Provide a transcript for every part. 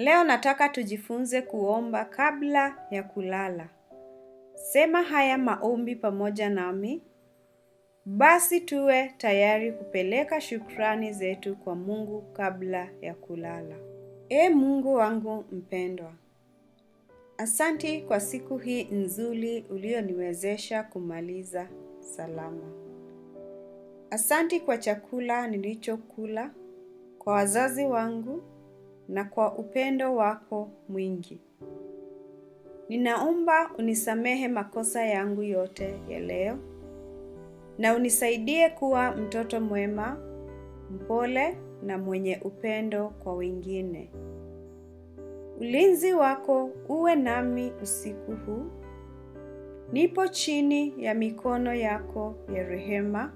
Leo nataka tujifunze kuomba kabla ya kulala. Sema haya maombi pamoja nami. Basi tuwe tayari kupeleka shukrani zetu kwa Mungu kabla ya kulala. Ee Mungu wangu mpendwa, asanti kwa siku hii nzuri ulioniwezesha kumaliza salama. Asanti kwa chakula nilichokula, kwa wazazi wangu na kwa upendo wako mwingi. Ninaomba unisamehe makosa yangu yote ya leo na unisaidie kuwa mtoto mwema, mpole na mwenye upendo kwa wengine. Ulinzi wako uwe nami usiku huu. Nipo chini ya mikono yako ya rehema.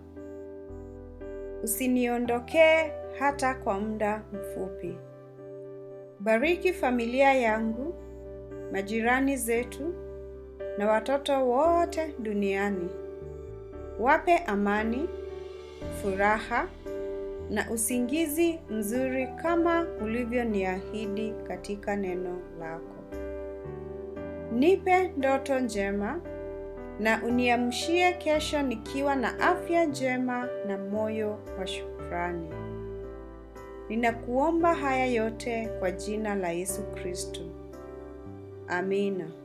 Usiniondokee hata kwa muda mfupi. Bariki familia yangu, majirani zetu na watoto wote duniani. Wape amani, furaha na usingizi mzuri kama ulivyoniahidi katika neno lako. Nipe ndoto njema na uniamshie kesho nikiwa na afya njema na moyo wa shukrani. Ninakuomba haya yote kwa jina la Yesu Kristo. Amina.